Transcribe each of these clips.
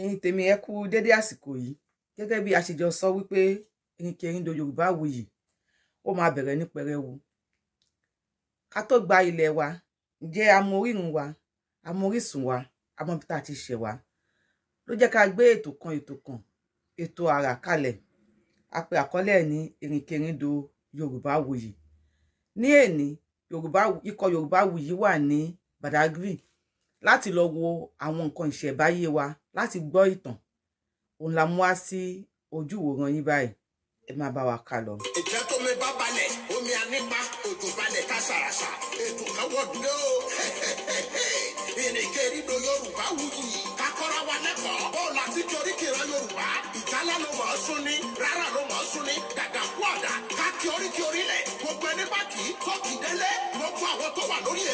ẹ̀yin tèmi ẹ kú dédé àsìkò yìí gẹ́gẹ́ bí a sọ wípé ẹ̀yin kẹrin do yorùbá wuyì ó máa bẹ̀rẹ̀ ní pẹrẹwu ká tó gba ilẹ̀ wa amori amorírun wa amorísun wa amọbítà ti ṣẹ̀ wa ló jẹ́ ká gbé ètò kan ètò kan ètò ara kalẹ a àkọlé akọle ní ẹ̀rìnkẹrin do yorùbá wuyì ní èní ikọ yorùbá wuyì wà ní Badagry láti lọ wo àwọn nǹkan ìṣẹ̀báyé wa láti gbọ́ ìtàn òun la mú wá sí ojú ìwòran yín báyìí ẹ máa bá wa kà lọ. ìjẹ́ tó mi bá balẹ̀ omi anípa òjò balẹ̀ ká ṣàràṣà ètò kan wọ́n dúró ìrìnkèrindò yorùbá wuyì kakọ́ra wa lẹ́kọ̀ọ́ bọ́ọ̀lù àti toríkìrọ yorùbá ìjálá ló mọ̀ ọ́ sún ní rárá ló mọ̀ ọ́ sún ní dàdàkú ọ̀dà káàkiri oríkì orílẹ̀ gbogbo ẹni bá kì í tó kì í délé gbogbo àwọn tó wà lórí ẹ̀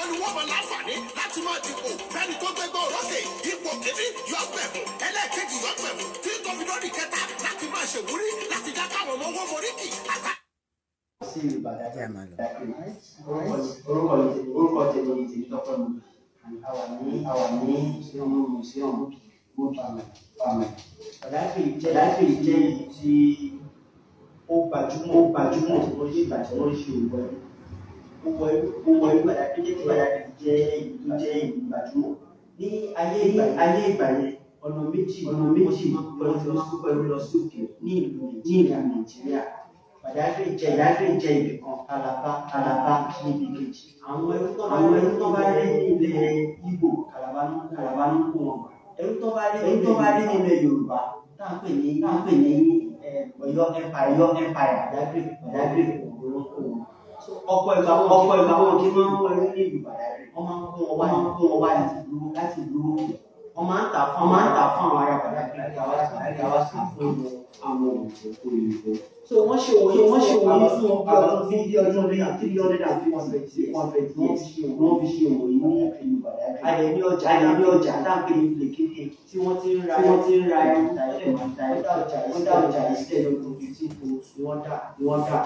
àwọn ni wọ́n mọ láǹfààní láti máa dìbò fẹ́ni tó gbégbó òrókè ipò kìíní yọ gbẹ̀bù ẹlẹ́ẹ̀kejì yọ gbẹ̀bù tí tó fi kẹta láti máa ṣèwúrí láti já káwọn ọmọ owó forí kì àtà. orúkọ tèmi ni tèmi tọpẹ mi àwa ní àwa ní ìṣẹ́wọ̀n ìṣẹ́wọ̀n mú pàmì pàmì. ọ̀dàkìrì jẹ́ ìlú ó gbajúmọ̀ ó gbajúmọ̀ ó yé ìgbà tí wọ́n gbogbo ìgbàdà tó jẹ́ ìgbàdà jẹ́ tó jẹ́ ìgbàdúró ní ayé ìgbà yẹn ọ̀nà méjì ọ̀nà méjì wọ́n ti máa ń pẹ̀lú lọ sókè ní ìlú nàìjíríà pàdáfẹ́ jẹ ìdáfẹ́ jẹ ibì kan kalaba kalaba níbi kejì àwọn ẹrú tó bá dé ní ilẹ̀ Ìgbò kalaba ń kalaba ń kó wọn ẹrú tó bá dé ẹrú tó bá dé ní ilẹ̀ Yorùbá tá à ń pè ní tá à ń pè ní eh, Ọ̀yọ́ empire Ọ̀yọ́ empire pàdáfẹ́ pàdáfẹ́ òwúrọ̀ òwúrọ̀ ọ̀pọ̀ ìgbà ọ̀pọ̀ ìgbà wọn kì í máa ń wọ ìgbà wọn máa ń kún ọwá kún ọwá láti dúró láti dúró wọn máa ń tà fún àwọn ará bàdá kí wọn máa ń tà àwọn ará bàdá àwọn òkú ìlú. so wọ́n ṣe wòye wọ́n ṣe wòye fún ọdún fún bí ọdún bí three hundred and fifty one twenty one. fi ṣe wọ́n fi ṣe wòye ní àyẹ̀ní ọjà àyẹ̀ní ọjà dáńpé ìpè kéde tí wọ́n ti ń ra tí wọ́n ti ń ra ìta ìta ìta ọjà ìta ọjà ìṣẹ́ lọ́dún fifty four ni wọ́n dà ni wọ́n dà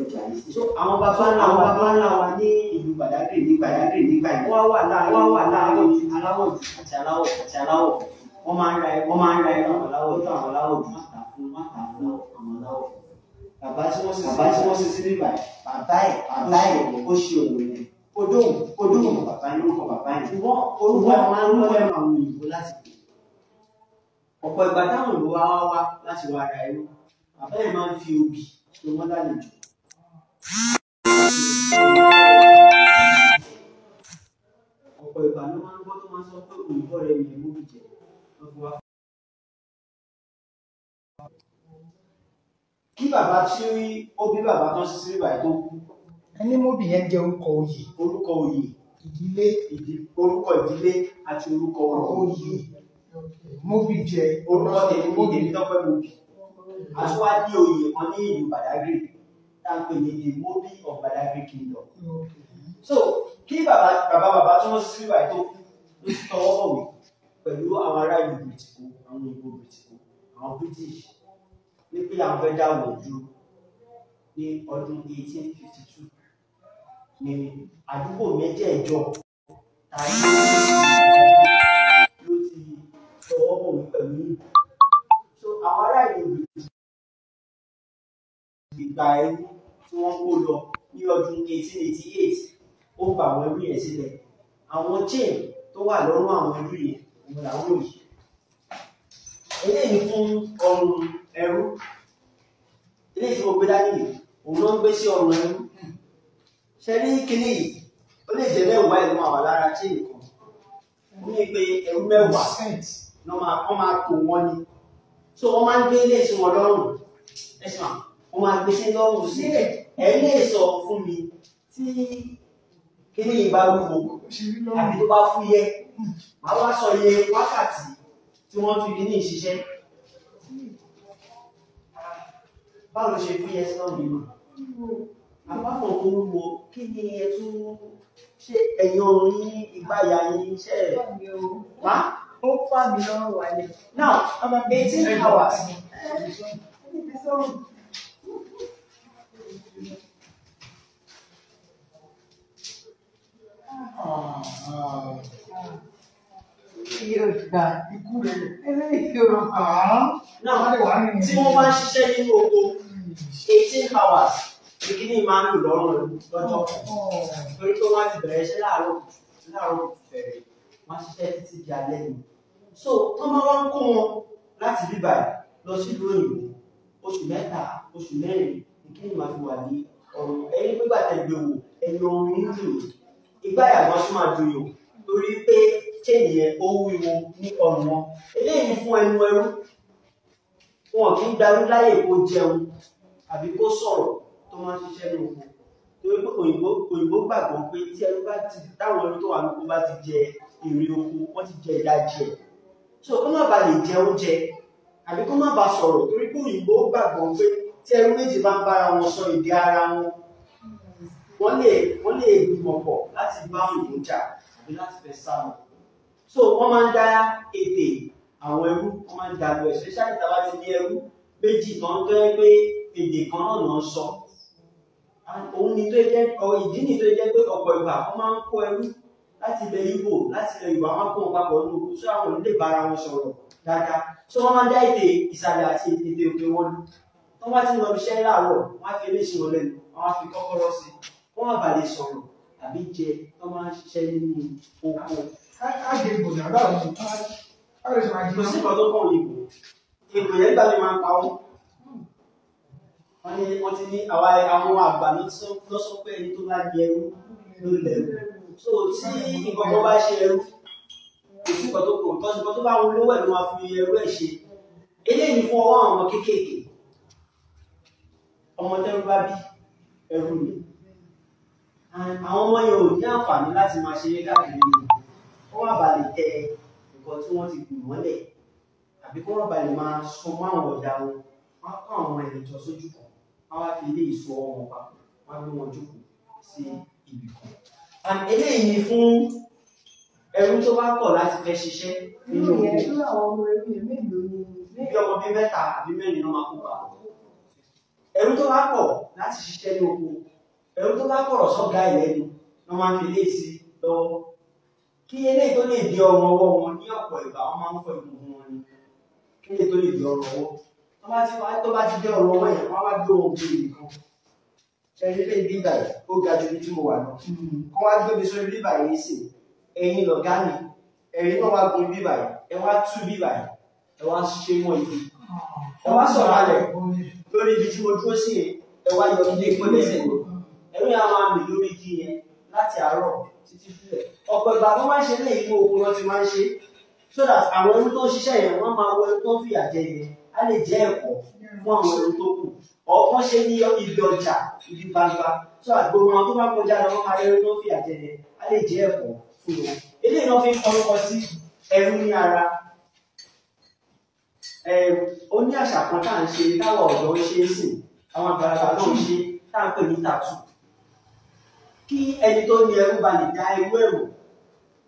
ọjà ìṣẹ́. so àwọn bàbá ńlá wa bàbá ńlá wa ní ìlú gbàdágìrì ní gbàdágìrì nígbà yìí wọ́n wà láàárín wọ́n wà láàárín aláwọ̀ àti aláwọ̀ àti aláwọ̀ wọ́n máa ń ra ẹ̀ wọ́n máa ń ra ẹ̀ lọ́wọ́ láwọ̀ tó àwọn aláwọ̀ dùn bàbá tí wọ́n ṣe bàbá tí wọ́n ṣe sí bíbà ẹ̀ bàbá ẹ̀ bàbá ẹ̀ ó ṣe òun ẹ̀ odóhùn odóhùn bàbá ní orúkọ bàbá ẹ̀ ṣùgbọ́n orúkọ ẹ̀ máa ẹ̀ máa wù láti pè ọ̀pọ̀ ìgbà táwọn òbí wá wá láti wá ara ẹ̀rú bàbá ẹ̀ máa ń fi obì tó wọ́n lálejò. ọ̀pọ̀ ìgbà ló máa ń gbọ́ tó máa ń sọ pé òyìnbó rẹ̀ yẹn mú ìjẹ́ kí bàbá tí ó bí bàbá tán sí sílẹ̀ báyìí tó kú. ẹni mọ́bì yẹn jẹ́ orúkọ oyè. orúkọ oyè. ìdílé. orúkọ ìdílé àti orúkọ oyè. mọ́bì jẹ́. orúkọ tèmi mọ́bì ní tọ́pẹ́ mọ́bì. àtúwá ní oyè kan ní ìlú Badagry tá a pè ní the mọ́bì of Badagry kingdom. so kí bàbá bàbá bàbá tí wọ́n sí sílẹ̀ báyìí tó kú ló ti tọwọ́ bọ̀wé pẹ̀lú àwọn ará ìlú bìtìkó àwọn ìbò bìtìkó àwọn British kí làwọn fẹ́ dá wò ju ní ọdún 1852 ní àdúgbò mẹ́jẹ̀ẹ̀jọ tàbí ló ti tọwọ́ bọ̀ wí pẹ̀lú yìí. so àwọn ará ìlú ìgbà ẹrú tí wọ́n kó lọ ní ọdún 1888 ó gba àwọn ẹrú yẹn sílẹ̀ àwọn chain tó wà lọ́rùn àwọn ẹrú yẹn òun làwọn òyìn eléyìí fún ọrùn ẹrú ilé tí mo gbé dání òun ló ń gbé sí ọrùn ẹnu ṣe rí kíní yìí ó lè jẹ mẹ́wàá ẹ̀rọ máa wà lára tí nìkan ó ní pé ẹ̀rú mẹ́wàá wọ́n máa tò wọ́n ni so wọ́n máa ń gbé ilé sí wọn lọ́rùn ẹ̀sìn wa wọ́n máa gbé sí lọ́rùn sí ẹ̀ lè sọ fún mi tí kíní yìí bá wúwo àbí tó bá fúyẹ́ àwa sọ iye wákàtí tí wọ́n fi kíní ìṣiṣẹ́. báwo ló ṣe fún yẹn sí náà nínú àpapọ̀ tó ń wo kí ni ẹ tún ṣe ẹ̀yàn orin ìgbáyà yín iṣẹ́ rẹ̀ wá. ó fà mí lọ́rùn wálé. now ọmọ eighteen hours. Oh, oh yóò gba ikú rẹ̀ eléyìí ò hàn. náà tí wọ́n bá ń ṣiṣẹ́ hours ìkíní máa ń lò lọ́rùn lọ́jọ́ kan oh. torí pé wọ́n ti bẹ̀rẹ̀ iṣẹ́ láàárọ̀ láàárọ̀ bẹ̀rẹ̀ wọ́n ṣiṣẹ́ títí di alẹ́ ni. so tó máa wá ń kó wọn láti bíbà lọ sí ìlú òyìnbó oṣù mẹ́ta oṣù mẹ́rin ìkíní máa fi wà ní ọ̀rùn ẹ̀yìn gbígbà tẹ̀gbẹ̀wò ẹ̀yìn ọ̀rùn yín jù ìgbà ìyàgbọ́n sì máa joyò torí chain yẹn ó wíwo ní ọrùn wọn eléyìí fún ẹnu ẹrú wọn kì í darú láyè kó jẹun àbí kó sọ̀rọ̀ tó máa ń ṣiṣẹ́ ní oko torí pé òyìnbó òyìnbó gbàgbọ́ pé tí ẹrú bá ti táwọn ẹrú tó wà lóko bá ti jẹ èrè oko wọ́n ti jẹ ìdajì ẹ̀ so kó má ba lè jẹ oúnjẹ àbí kó má ba sọ̀rọ̀ torí pé òyìnbó gbàgbọ́ pé tí ẹrú méjì bá ń bára wọn sọ èdè ara wọn wọ́n lè wọ́n lè gbìmọ̀ pọ̀ láti bá òyìnbó jà àbí láti fẹ́ sá wọn so wọ́n máa ń dá èdè àwọn ẹrú wọ́n máa ń dá lọ ẹ̀sẹ̀ ṣáà ìtàwá ti ní ẹrú méjì kan tó yẹ pé èdè kan náà náà sọ òun ni tó jẹ́ ìdí ni tó jẹ́ pé ọ̀pọ̀ ìgbà wọ́n máa ń kó ẹrú láti ilẹ̀ Ìgbò láti ilẹ̀ Yorùbá wọn kó wọn papọ̀ ní ogun tí àwọn onílé bára wọn sọ̀rọ̀ dáadáa tí wọ́n máa ń dá èdè ìsàlẹ̀ àti èdè òkè wọn ni wọ́n bá ti lọ iṣẹ́ láàárọ̀ wọ́n á fi eléṣin wọn lẹ́nu wọ́n á fi kọ́kọ́rọ́ sí wọ́n á sọ̀rọ̀ tàbí jẹ wọ́n máa ń ṣiṣẹ́ nínú oko àgbègbè àbá òun àgbègbè sọ̀rọ̀ àjẹ́. kò sí ìkọ̀ tó kọ̀ òyìnbó ìgbò yẹn gbà ní máa ń pa ọ́. wọ́n ní wọ́n ti ní àwa àwọn àgbà ló sọ pé ẹni tó bá di ẹrú ló lẹ̀rú. so tí nǹkan kan bá ṣe ẹrú kò sí ìkọ̀ tó kọ̀ tó ṣùgbọ́n tó bá wọn lówó ẹ̀ ló máa fi ẹrú ẹ̀ ṣe. eléyìí fún ọwọ́ àwọn kéékèèké ọmọ tẹ́rú yẹn ò ní àǹfààní láti máa ṣe é káàkiri kó má bàa lè tẹ nǹkan tí wọ́n ti gbìn mọ́lẹ̀ àbí kó má bàa lè máa sun mọ́ àwọn ọ̀dà wọn wọ́n á àwọn ẹ̀rọ jọ sójú kan wọ́n á fi ilé ìsọ wọn papọ̀ wọ́n gbé wọn jókòó sí ibì kan. eléyìí fún ẹrú tó bá kọ̀ láti fẹ́ ṣiṣẹ́ nínú ilé. bí ọmọ bíi mẹ́ta àbí mẹ́rin náà máa kó papọ̀. ẹrú tó bá kọ̀ láti ṣiṣẹ́ ní oko ẹrú tó bá kọ̀rọ̀ sọ́gà ìlẹ́nu wọ́n máa fi ilé sí lọ́wọ́ kí eléyìí tó lè di ọrọ̀ ọwọ́ wọn ní ọ̀pọ̀ ìgbà wọn máa ń fọ ìgbòho wọn ni kí eléyìí tó lè di ọrọ̀ ọwọ́ tó bá ti tó bá ti dé ọrọ̀ ọwọ́ yẹn wọn wá gbé ohun gbé nìkan ẹni lè bí ibà yìí ó ga ju ibi tí mo wà lọ kó wá gbé mi sórí bíbà yìí sì ẹ̀yin lọ̀gá mi ẹ̀yin náà wá gun bíbà yìí ẹ wá tú bíbà yìí ẹ wá ṣe wọn ibi ẹ wá sọ̀rọ̀ alẹ̀ lórí ibi tí mo dúró sí ẹ wá yọ ilé ìpínlẹ̀ sẹ́yìn ẹ̀rú yà máa mì lórí igi yẹn láti àárọ̀ títí fún ẹ̀. ọ̀pọ̀ ìgbà wọ́n máa ń ṣe léyìn inú okun wọn ti máa ń ṣe so that àwọn ẹrú tó ń ṣiṣẹ́ yẹn wọ́n máa wọ ẹrú tó ń fìyà jẹ yẹn á lè jẹ́ ẹ̀kọ́ fún àwọn ẹrú tó kù ọ̀pọ̀ ṣe ní ibi ọjà ibi gbangba so àgbòrò wọn tó bá kọjá lọ wọ́n máa rẹ́rú tó ń fìyà jẹ yẹn á lè jẹ́ ẹ̀kọ́ fún wọn. eléyìí náà fi ń kọ́lọ́kọ́ sí ẹrú ní ara ó ní àṣà kan tá à ń ṣe táwọn ọ̀dọ́ ṣe é sìn àwọn àgbàlagbà náà ṣe tá à ń pè ní tàtù kí ẹni tó ní ẹrú ba lè dá irú ẹrù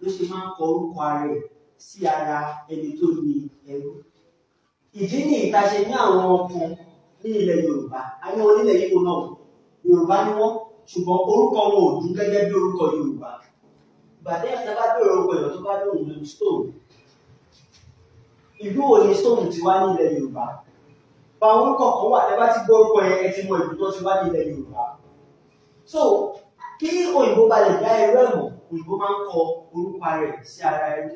ló ṣe máa ń kọ orúkọ ara ẹ̀ sí ara ẹni tó ní ẹrú ìdí ní ìtaṣe ní àwọn ọkùn ní ilẹ̀ yorùbá ayé wọn yìí náà yorùbá ni wọn ṣùgbọ́n orúkọ wọn ò dún gẹ́gẹ́ bí orúkọ yorùbá gbàdé ẹ̀ta bá bẹ̀rẹ̀ orúkọ ìlọ tó bá lóun lórí stone ìlú wo ni stone ti wá ní ilẹ̀ yorùbá bá orúkọ kan wà tẹ́ bá ti gbọ́ orúkọ yẹn ẹ ti mọ ìlú tó ti wá ní ilẹ̀ yorùbá so kí òyìnbó bá lè dá irú ẹ̀mọ̀ òyìnbó máa ń kọ orúkọ rẹ̀ sí ara ẹrú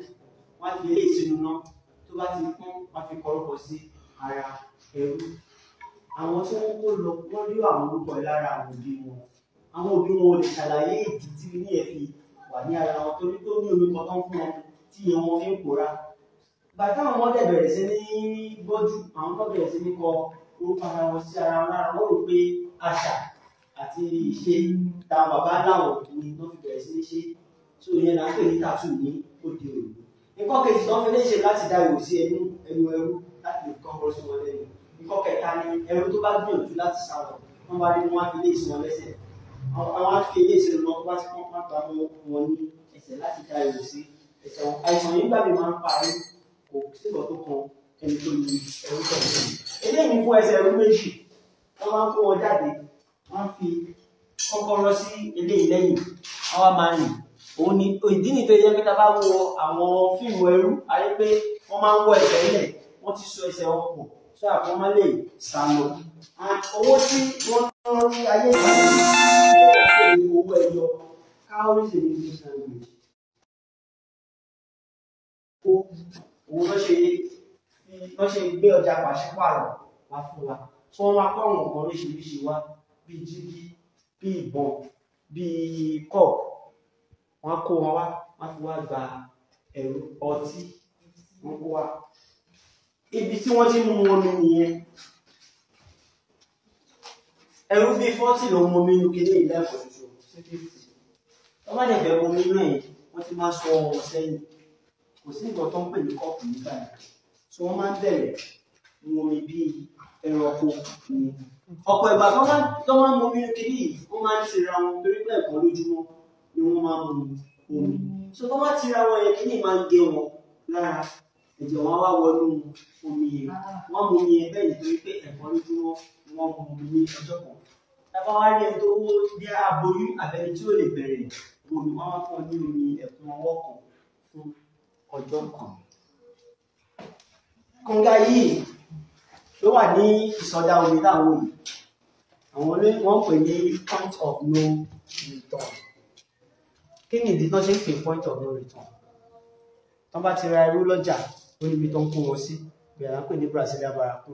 wọ́n fi eré ìsinú náà tó bá ti pọ́n wọ́n fi kọ́rọ́pọ̀ sí ara ẹrú àwọn tí wọ́n kó lọ wọ́n rí àwọn orúkọ lára àwọn òbí wọn àwọn òbí wọn ò lè ṣàlàyé ìdí tí ní ẹ̀fì wà ní ara wọn torí tó ní omi kan fún wọn tí ìyẹn wọn fi ń pòórá bàtà àwọn ọmọdé bẹ̀rẹ̀ sí ní gbọ́jú àwọn tó bẹ̀rẹ̀ sí ní kọ orúkọ ara wọn sí ara wọn lára wọn rò pé àṣà àti ìṣe táwọn bàbá láwọn ní tó fi bẹ̀rẹ̀ sí ní ṣe tó yẹn là pè ní tàtù ní òde òní. nǹkan kejì tó ń fi ní ṣe láti dá ìwò sí ẹnu ẹnu ẹrú láti lè kọ́ ọ̀rọ̀ sí wọn lẹ́nu. nǹkan kẹta ni ẹrú tó bá gbìyànjú láti sáwọn wọn bá rí wọn fi lé ìsìn wọn lẹ́sẹ̀ àwọn afi ilé ìsìn wọn wá sí wọn pátá wọn ní ẹsẹ̀ láti dá ìwò sí ẹsẹ̀ wọn. àìsàn yìí gbàgbé máa ń parí kò síbọ̀ tó kan ẹni tó lu ẹrú tọ̀ wọ́n fi kọ́kọ́rọ́ sí eléyìí lẹ́yìn wọ́n wá máa rìn òun ni ìdí ni tó yẹ pé tá bá wo àwọn fíìmù ẹrú ayé pé wọ́n máa ń wọ ẹ̀sẹ̀ nílẹ̀ wọ́n ti so ẹsẹ̀ wọn pọ̀ àpò má lè sàlọ owó tí wọ́n tán ní ayé ìgbàlódé owó ẹyọ cowries in English language owó lọ́ ṣe lọ́ ṣe gbé ọjà pàṣípààrọ̀ wá tí wọ́n wá kọ́ àwọn nǹkan oríṣiríṣi wá bíi jígí bíi ìbọn bíi cup wọn kó wọn wá wọn fi wá gba ẹrù ọtí wọn kó wá ibi tí wọn ti mú wọn mi nìyẹn ẹrù bíi fọ́tì ló mú mi nìkan ní ìlú ẹ̀kọ́ ṣoṣo wọn bá lè bẹ mú mi náà yìí wọn ti máa sọ ọ̀rọ̀ sẹ́yìn kò sí nǹkan tó ń pè ní kọ́ọ̀pù nígbà yẹn so wọn máa ń bẹ̀rẹ̀ mu omi bíi ẹranko ni ọ̀pọ̀ ìgbà tó máa tó máa ń mu omi kiri yìí wọ́n máa ń tira wọn torí pé ẹ̀kọ́ lójúmọ́ ni wọ́n máa ń mu omi so tó bá tira wọn yẹn kiri máa ń gé wọn lára ẹ̀jẹ̀ wọn wá wọnú omi yẹn wọ́n mu omi yẹn bẹ́ẹ̀ nítorí pé ẹ̀kọ́ lójúmọ́ wọ́n mu omi ní ọjọ́ kan tábà wá rí ẹni tó wó aboyún àbẹ́ni tí ó lè bẹ̀rẹ̀ omi wọ́n máa fún ọ ní omi ẹ̀kún ọwọ́ kan fún ọjọ́ kan kọ̀ǹga yìí tó wà ní ìsọdá omi táwọn yìí àwọn olóyìn wọn pè ní point of no return kí ni ìdí tán ṣe ń pè point of no return tán bá ti ra irú lọ́jà ó níbi tó ń kó wọn sí bẹ̀rẹ̀ à ń pè ní Brazilian baraku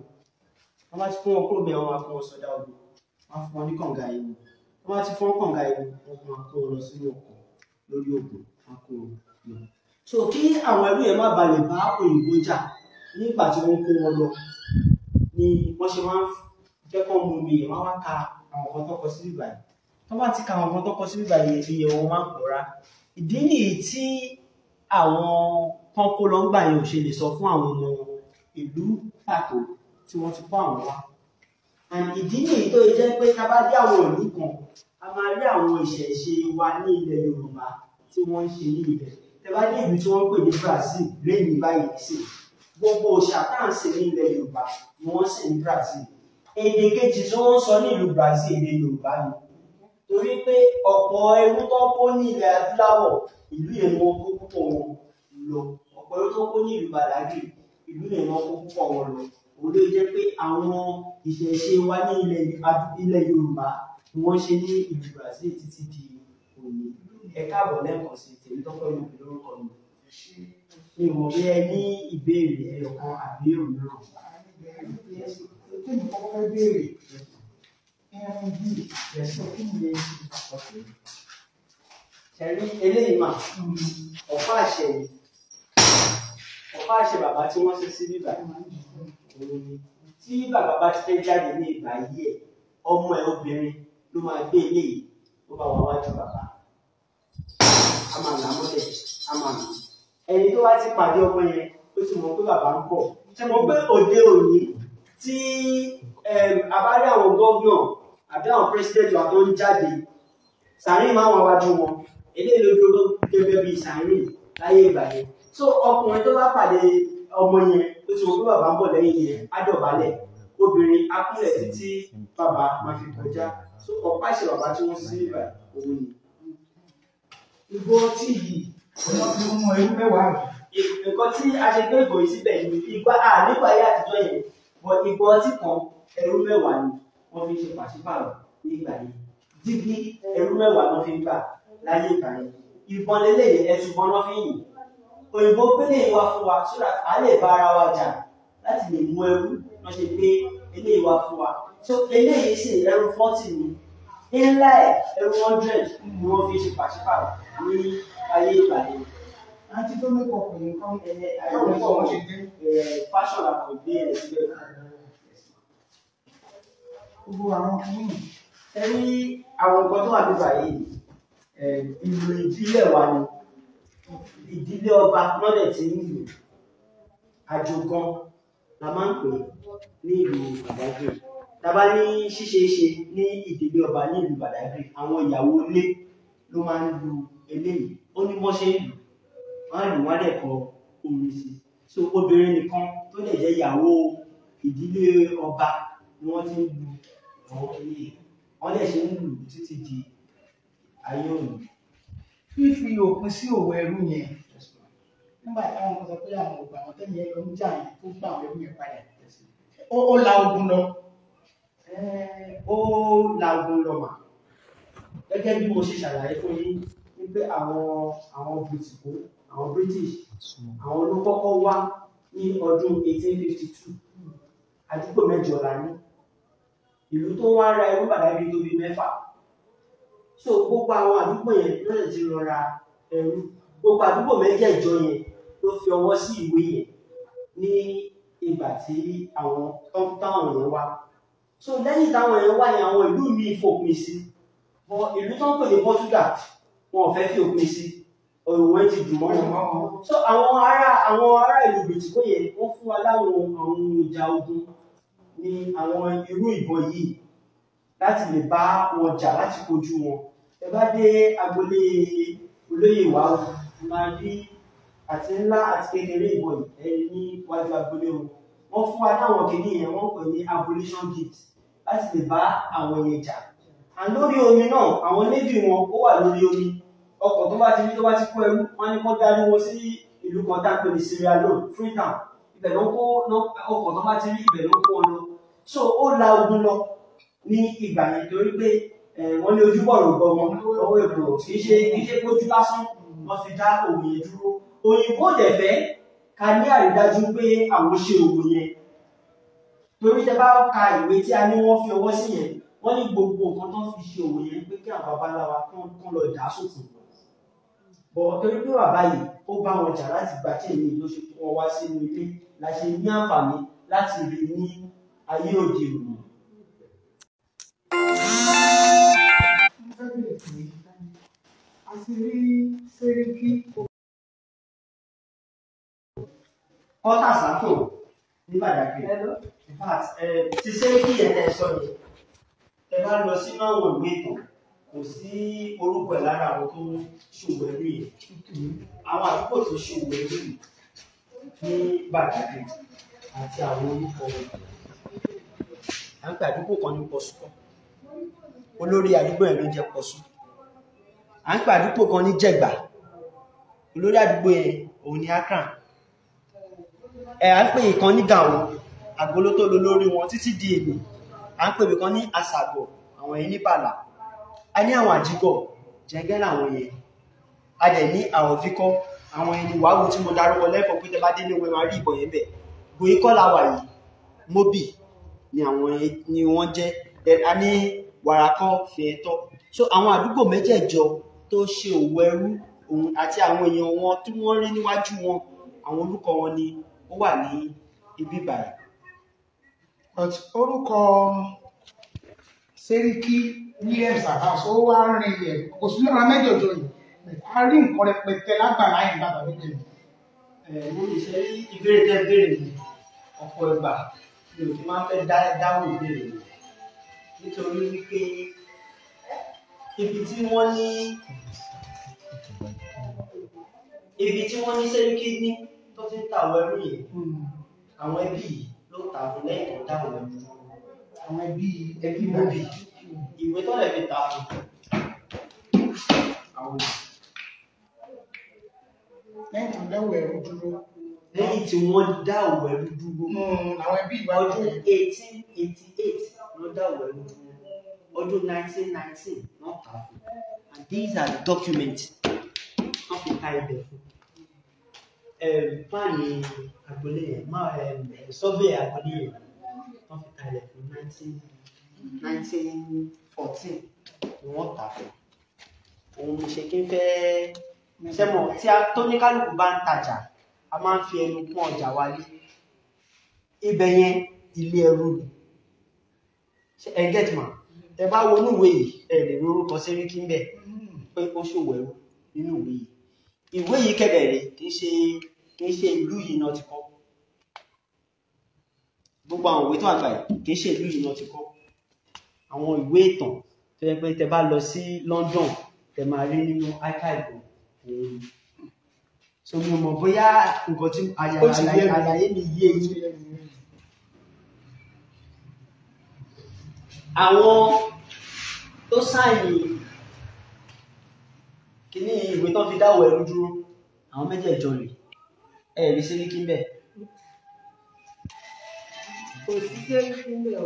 wọ́n bá ti fún wọn kúrò bẹ́ẹ̀ wọ́n máa fún wọn sọ́dá omi wọ́n á fún wọn ní kànga ẹni wọ́n bá ti fún wọn kànga ẹni wọ́n máa kó wọn lọ sínú ọkọ̀ lórí òkun wọ́n kó wọn lọ. so kí àwọn ẹrú yẹn má balẹ̀ bá òyìnbó jà nígbà tí wọ́n kó wọn lọ ni wọ́n ṣe máa ń fẹ́ kọ́ mu mi wọ́n wá ka àwọn kan tó kọ sí bíbá yìí tó bá ti ka àwọn kan tó kọ sí bíbá yìí iye wọn máa ń pòórá ìdí nìyí tí àwọn kan kó lọ ń gbà yẹn ò ṣe lè sọ fún àwọn ọmọ ìlú pàtó tí wọ́n ti kó àwọn wá ìdí nìyí tó jẹ́ pé ká bá dé àwọn òní kan a máa rí àwọn ìṣẹ̀ṣe wa ní ilẹ̀ Yorùbá tí wọ́n ń ṣe ní ibẹ̀ tẹ bá dé ìlú tí wọ́n pè ní Brazil lẹ́yìn báyìí sí i gbogbo òṣà tá à ń sè ní ilẹ̀ yorùbá ni wọ́n sè ní brazil èdè kejì tí wọ́n ń sọ ní ìlú brazil èdè yorùbá ni torí pé ọ̀pọ̀ ẹrú tó kó ní ilẹ̀ adúláwọ̀ ìlú yẹn wọ́n kó púpọ̀ wọn lọ ọ̀pọ̀ ẹrú tó kó ní ìlú badagry ìlú yẹn wọ́n kó púpọ̀ wọn lọ òun ló jẹ́ pé àwọn ìṣẹ̀ṣe wa ní ilẹ̀ yorùbá ni wọ́n ṣe ní ìlú brazil títí di òní ẹ̀ka àbọ̀ lẹ́kọ̀ọ́ sí tèmi tọ́pẹ́ lórúkọ mi mi ò mọ̀ bí ẹ ní ìbéèrè ẹyọkan àbí òmíràn. Kí ni kọ́kọ́ fẹ́ béèrè? Ẹran yìí ẹ̀sọ́ kí ni lè ṣe pàtàkì? Ṣẹ̀rí eléyìí mà, ọ̀pá àṣẹ yìí, ọ̀pá àṣẹ bàbá tí wọ́n ṣe sí bíbá tí bàbá bá ti fẹ́ jáde ní ìgbà yìí ẹ̀ ọmọ ẹ̀ obìnrin ló máa gbé eléyìí ló bá wà wájú bàbá. A máa là a máa nà ẹni tó bá ti pàdé ọmọ yẹn ó ti mọ̀ pé bàbá ń bọ̀ ṣe mọ̀ pé òde òní tí a bá rí àwọn gómìnà àbí àwọn pírẹsidẹ́ntì wa tó ń jáde sàárín máa wà wájú wọn eléyìí ló dúró gẹ́gẹ́ bí sàárín láyé ìgbà yẹn so ọkùnrin tó bá pàdé ọmọ yẹn ó ti mọ̀ pé bàbá ń bọ̀ lẹ́yìn yẹn á dọ̀bálẹ̀ obìnrin akúnlẹ̀ títí bàbá máa fi kọjá so ọ̀pá ìṣèwà bá tí wọ́n sí ìgbà òun ni. ìbọn ọtí yìí wọ́n fi mú ẹrú mẹ́wàá rẹ̀. nǹkan tí a ṣe gbé ìgò yìí síbẹ̀ ni ìgbà nípa ayé àtijọ́ yẹn wọ ìgbà ọtí kan ẹrú mẹ́wàá ni wọ́n fi ṣe pàṣípààrọ̀ nígbà yìí dígí ẹrú mẹ́wàá ló fi ń gbà láyé ìgbà yẹn ìbọn lélẹ́yìn ẹtù bọ́n lọ́ fi yìn òyìnbó pélé ìwà fún wa so that a lè bá ara wa jà láti lè mú ẹrú lọ ṣe pé ilé ìwà fún wa so eléyìí sì ẹrú fọ́tì ni ńlá ẹ̀ ẹrú hundred ni wọ́n fi ṣe pàṣípààrọ̀ ayé ìpàdé àti tó ní kọ pé nǹkan ẹyẹ àìlẹ́kọ̀ọ́ wọn ṣe dé fashion àpò ìgbé ẹ̀ síbẹ̀ gbogbo àwọn kìíní ẹ rí àwọn nǹkan tó wà nígbà yìí ìlú ìbílẹ̀ wa ni ìdílé ọba lọ́dẹ̀ tí ń lò àjòkan la máa ń pè ní ìlú Badagry tàbá ní ṣíṣeéṣe ní ìdílé ọba ní ìlú Badagry àwọn ìyàwó ilé ló máa ń lu eléyìí ó ní bọ́ ṣe ń lù wọ́n lù wọ́n dẹ̀ kọ orin sí so obìnrin nìkan tó dẹ̀ jẹ́ ìyàwó ìdílé ọba ni wọ́n ti ń lu àwọn ilé wọ́n dẹ̀ ṣe ń lù títí di ayé òní. fífi òpin sí òwò ẹrú yẹn nígbà táwọn kan sọ pé àwọn ògbà àwọn tẹ́lẹ̀ yẹn lọ ń jà yẹn tó gbà àwọn ẹrú yẹn padà ó la ogun lọ. ó la ogun lọ mà gẹ́gẹ́ bí mo ṣe ṣàlàyé fún yín pé àwọn àwọn britiko àwọn british àwọn ló kọ́kọ́ wá ní ọdún 1852 àdúgbò mẹ́jọ la ní ìlú tó wá ra irú bàdá bíi tóbi mẹ́fà so gbogbo àwọn àdúgbò yẹn lọ́dẹ̀ ti lọ ra ẹrú gbogbo àdúgbò mẹ́jẹ̀ẹ̀jọ yẹn ló fi ọwọ́ sí ìwé yẹn ní ìgbà tí àwọn táwọn yẹn wá so lẹ́yìn táwọn yẹn wá yẹn àwọn ìlú míì fòpin sí ìlú tó ń pè ní Portugal wọn fẹ́ fi òpin sí òwò ti dùn mọ́ wọn. so àwọn ará àwọn ará ìlú bìtìkó yẹn wọ́n fún wa láwọn àwọn ọjà ogun ní àwọn irú ìbọn yìí láti lè bá wọn jà láti kojú wọn ẹ bá dé agboolé olóyè wa máa rí àti ńlá àti kékeré ìbọn yìí ní wájú agboolé wọn wọ́n fún wa láwọn kìnìyàn pè ní abolition gift láti lè bá àwọn yẹn jà and lórí omi náà àwọn navy wọn ó wà lórí omi ọkọ̀ tó bá ti ní tó bá ti kó ẹrú wọn ní kó darí wọn sí ìlú kan tá a pè ní Sierra Leone Freetown ibẹ̀ ló kó ọkọ̀ tó bá ti rí ibẹ̀ ló kó wọn lọ so ó la ogun lọ ní ìgbà yẹn torí pé eh, wọ́n ní ojúbọ̀rọ̀ gbọ́ wọn ọwọ́ èbò kì í ṣe kì í ṣe pójú lásán wọ́n fi dá òun yẹn dúró òyìnbó dẹ̀fẹ́ ká ní àrídájú pé àwọn ṣe òun yẹn torí tẹ bá ka ìwé tí a ní wọ́n fi ọwọ́ sí yẹn wọ́n ní gbogbo nǹkan tó ń fi ṣe òwò yẹn pé kí àwọn babaláwa kán lọ dà á sòfò bọ̀ torí pé bàbá yìí ó bá wọn jà láti gbà tí èmi ló ṣe wọn wá sínú ilé la ṣe ní àǹfààní láti rí ní ayé òde òní. a ti rí sẹ́ríkì ọ̀tà sáfò ní Badagry in fact é kí ẹ̀ka ẹ̀sọ́ yẹn tẹ bá lọ sínú àwọn ìwé ìtàn kò sí orúkọ ẹ̀ lára àwọn tó ṣòwò ẹlú yẹn àwọn àdúgbò tó ṣòwò ẹlú yìí ní bàdàdé àti àwọn orúkọ wọn à ń pè àdúgbò kan ní pọ̀ṣùkọ́ olórí àdúgbò yẹn ló jẹ́ pọ̀ṣù à ń pè àdúgbò kan ní jẹ̀gbà olórí àdúgbò yẹn òun ni akran ẹ̀ à ń pè ìkan ní gàwó àgbólótó lolórí wọn títí di èmi a ń pèbè kan ní àṣàgọ̀ àwọn yẹn ní bàlà a ní àwọn àjígọ̀ jẹ́gẹ́ làwọn yẹn a dẹ̀ ní àwọn fíkọ́ àwọn ẹni wàáwù tí mo darúkọ lẹ́kọ̀ọ́ pé bá dé ní wọn rí ìbọn yẹn bẹ̀ gòyí kọ́ la yìí mobi ni àwọn ni wọ́n jẹ́ a ní wàràkọ́ fìyẹ̀tọ́ so àwọn àdúgbò mẹ́jẹ̀jọ tó ṣe òwò ẹrú òun àti àwọn èèyàn wọn tí wọ́n rí níwájú wọn àwọn orúkọ wọn ni ó wà ní ibi báyìí but orúkọ Seriki Williams Abbas ó wá rìn yẹ kò sí lọ́ra mẹ́jọ̀jọ yìí a rí nǹkan rẹpẹtẹ lágbàlá yìí bàbá mi jẹ mo lè ṣe ìbéèrè tẹ béèrè mi ọ̀pọ̀ ìgbà mi ò ti máa ń fẹ́ dáwọ́ ìbéèrè mi nítorí wípé ibi tí wọ́n ní ibi tí wọ́n ní Seriki ní tó ti ń ta àwọn ẹrú yìí hmm. àwọn ẹbí yìí ló tà fún lẹ́yìn tó dáhùn lójú àwọn ẹbí ẹbí bòbí ìwé tó lè fi tà fún àwọn lẹ́yìn tó dáwọ̀ ẹ̀rú dúró lẹ́yìn tí wọ́n dáwọ̀ ẹ̀rú dúró hmm, àwọn ẹbí ìgbà ọdún 1888 ló dáwọ̀ ẹ̀rú dúró ọdún 1919 wọ́n tà fún and these are the documents wọ́n fi ká ẹbẹ̀ fún páàni agbolé yẹn máa sọ́fẹ̀ agbolé yẹn wọ́n fi kalẹ̀ fún nineteen fourteen ni wọ́n tà fún òun ní ṣe kí n fẹ́ sẹ́mọ̀ tí a tó ní kálukú bá ń tajà a máa ń fi ẹnu kún ọjà wálé ibẹ̀ yẹn ilé ẹrú ni ẹ get ma ẹ bá wọnú ìwé yìí ẹ lè rí orúkọ sẹ́ríkì ń bẹ̀ pé ó ṣòwò ẹrú nínú ìwé yìí ìwé yìí kẹ̀dẹ̀ rèé ṣe ìlú yìí náà ti kọ́ gbogbo àwọn ìwé tó àgbà yìí ṣe ìlú yìí náà ti kọ́ àwọn ìwé ìtàn tó yẹ pé tẹ bá lọ sí London tẹ máa rí nínú archive òun so mi ò mọ̀ bóyá nǹkan tí àlàyé mi yé yín àwọn tó sáyìn kíní ìwé tán fi dáwọ́ ẹrú dúró àwọn mẹ́jẹ̀ẹ̀jọ rè ẹ rí sẹ́ríkì mbẹ́. kò sí sẹ́ríkì mbẹ́ o.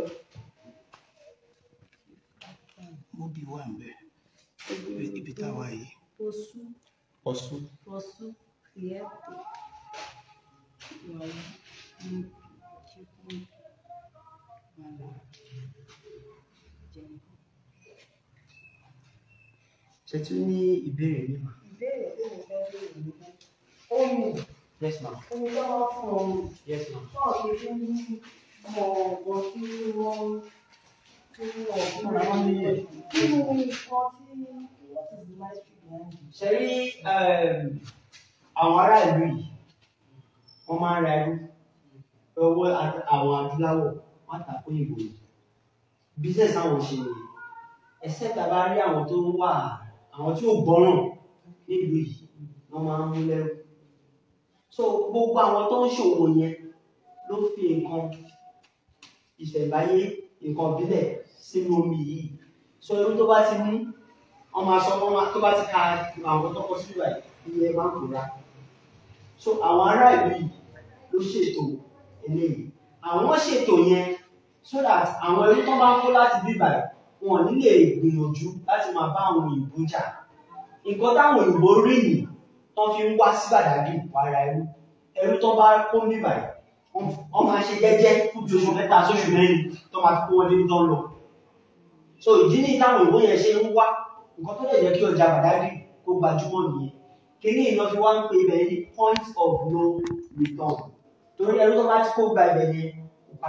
mo bí wà ń bẹ ibi tá a wá yìí. oṣù oṣù oṣù fìyàtọ̀ wà ní ṣẹ́kọ̀ọ́. ṣe tún ní ìbéèrè mi ma? ìbéèrè tó mo fẹ́ béèrè ni pé omi yes ma omi tó wọ́n fún omi yes ma tó ọ̀sẹ̀ tó ní mọ̀ ọ̀gbọ̀n tí wọ́n tí wọ́n fún omi kí ni nǹkan tí what is the life behind it. ṣe rí ehm, àwọn ará ìlú yìí wọ́n máa ń ra irú lọ́wọ́ àwọn adúláwọ̀ wọ́n àtàkó ìwòye business àwọn ṣe nìyẹn except àbá rí àwọn tó wà á àwọn tí ó gbọ́ràn nílùú yìí wọ́n máa ń mú lẹ́rù so gbogbo àwọn tó ń ṣòwò yẹn ló fi nǹkan ìṣẹ̀ǹbáyé nǹkan ìbílẹ̀ sínú omi yìí so irú tó bá ti mú wọ́n máa sọ wọ́n tó bá ti ka àwọn tó kọ sílùú àyè iye máa ń kóra so àwọn ará ìlú yìí ló ṣètò eléyìí àwọn ṣètò yẹn so that àwọn ẹrú tó bá ń kó láti bíbà wọn ò ní lè gbìyànjú láti máa bá àwọn òyìnbó jà nǹkan táwọn òyìnbó rí yìí tán fi ń wá sí Badagry wàrà ẹrú ẹrú tó bá kó ní báyìí wọn máa ṣe jẹ́jẹ́ fún ju oṣù mẹ́ta sóṣù mẹ́rin tó máa fi kó wọn débi tó ń lọ so ìdí ní táwọn òyìnbó yẹn ṣe ń wá nǹkan tó lè jẹ́ kí ọjà Badagry kó gbajúmọ̀ nìyẹn kíní ìlọ fi wá ń pe ibẹ̀ ní point of no return torí ẹrú tó bá ti kó gba ibẹ̀ yẹn kó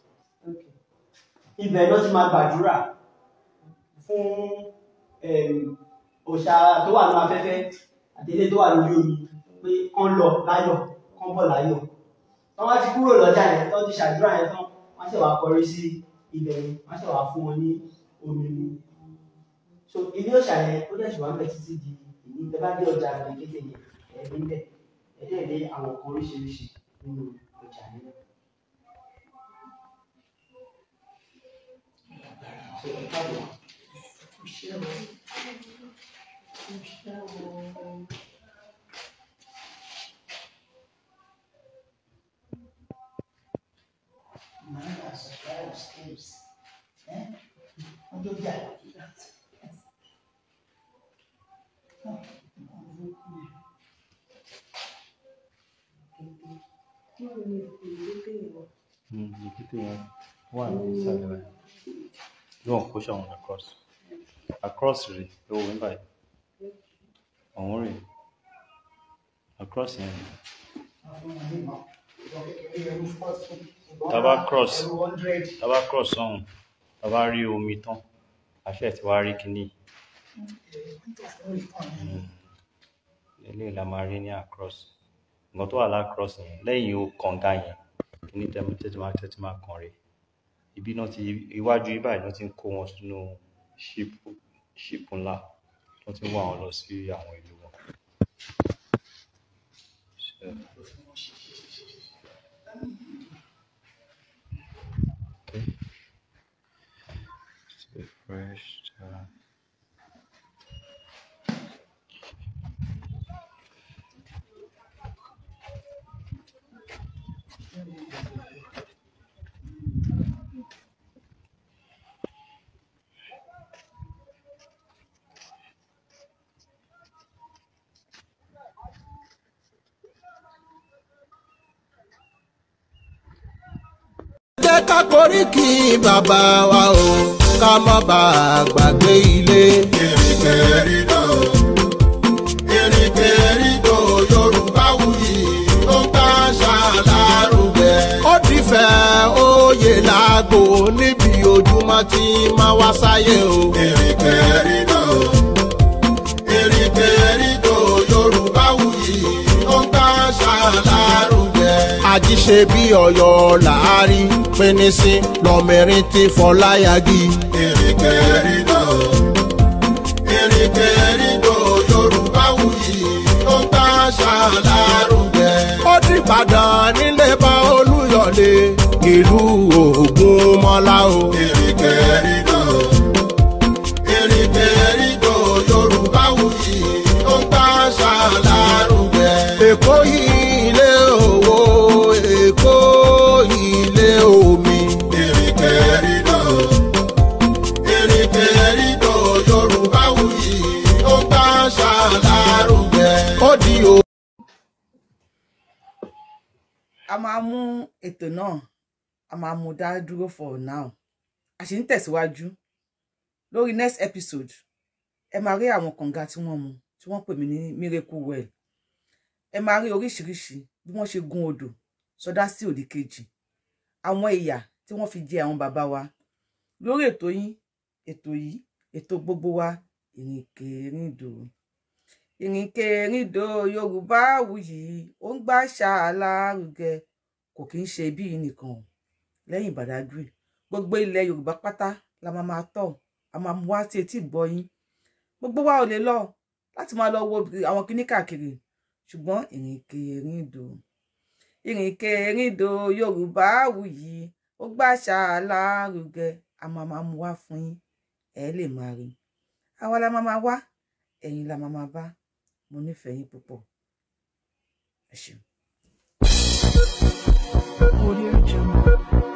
ibẹ̀ ló ti máa gbàdúrà fún òṣà tó wà ní afẹ́fẹ́ àtẹlé tó wà lórí omi pé kán lọ láyọ̀ kán bọ̀ láyọ̀ wọ́n wá ti kúrò lọ́jà yẹn tó ti ṣàdúrà yẹn tán wọ́n ṣẹ̀ wá kọrí sí ibẹ̀ yẹn wọ́n ṣẹ̀ wá fún wọn ní omi mu so ilé òṣà yẹn ó dẹ̀ ṣùgbọ́n bẹ̀ títí di ìlú tẹ́ bá dé ọjà àgbẹ̀ kékeré yẹn ẹ̀ẹ́dẹ́gbẹ̀ àwọn kan oríṣiríṣi nínú ọjà yẹn cheiro Puxa, Puxa, O para os cheiro. Né? Onde eu viajo? Não, não vou comer. Entendi. Não, meu filho, hum, o que tem? O que tem? O ano, sabe, né? yóò kó ṣe àwọn across across rè ló wọ nígbà yìí ọ̀hún rè across yẹn rè tàbá cross tàbá cross ọ̀hún tàbá rí omi tán àṣẹ tí wàá rí kíní hmm. eléyìí la máa rí ní across nǹkan tó wà lácross yẹn lẹ́yìn o kànga yẹn kíní tẹ́tí máa tẹ́tí máa kàn rèé ibi náà ti iwájú ibà yìí náà ti ń kó wọn sínú ṣíìpù ṣíìpù ńlá wọ́n ti ń wà wọ́n lọ sí àwọn ìlú wọn. Fresh. ká koríki bàbá wa o ká má bà á gbàgbé ilé. Èrìgè èrìdò Èrìgè èrìdò Yorùbá wuyì ló bá ṣàlárúgẹ. Ó níbi ojúmọ́ tí máa wá sáyé o. Èrìgè èrìdò. ajíṣe bí ọ̀yọ́ làárí pínísí lọ́mẹrin ti fọláyàgì. èrèké rídò èrèké rídò yorùbá wuyì ló ń bá ṣàlàrúgẹ. ó dìbàdàn nílé bá olúyọ̀lé ìlú ògùn mọ́lá o. èrèké rídò èrèké rídò yorùbá wuyì ló ń bá ṣàlàrúgẹ. èkó yìí. ètò náà a máa mú dá dúró for now a sì ń tẹ̀síwájú lórí next episode ẹ máa rí àwọn kànga tí wọ́n mu tí wọ́n pè mí ní miracle well ẹ máa rí oríṣiríṣi bí wọ́n ṣe gun odò sọdá sí òdì kejì àwọn ìyà tí wọ́n fi jẹ àwọn bàbá wa lórí ètò yín ètò yìí ètò gbogbo wa ìrìnkèrìndò ìrìnkèrìndò Yorùbá Wuyì ó ń gbàṣà alárugẹ kò kí ń ṣe bí yìí nìkan lẹ́yìn Badagry gbogbo ilẹ̀ Yorùbá pátá la máa máa tọ̀ a máa mú wá sí etí ìgbọ́ yín gbogbo wa ò lè lọ láti máa lọ wo àwọn kinní káàkiri ṣùgbọ́n ìrìnkè ìrìndò ìrìnkè ìrìndò Yorùbá Awùyí ó gbàṣà lárugẹ a máa máa mú wá fún yín ẹ lè máa rí àwa la máa máa wá ẹ̀yin la máa máa bá mo nífẹ̀ẹ́ yín púpọ̀ ẹ ṣeun. Audio Jungle.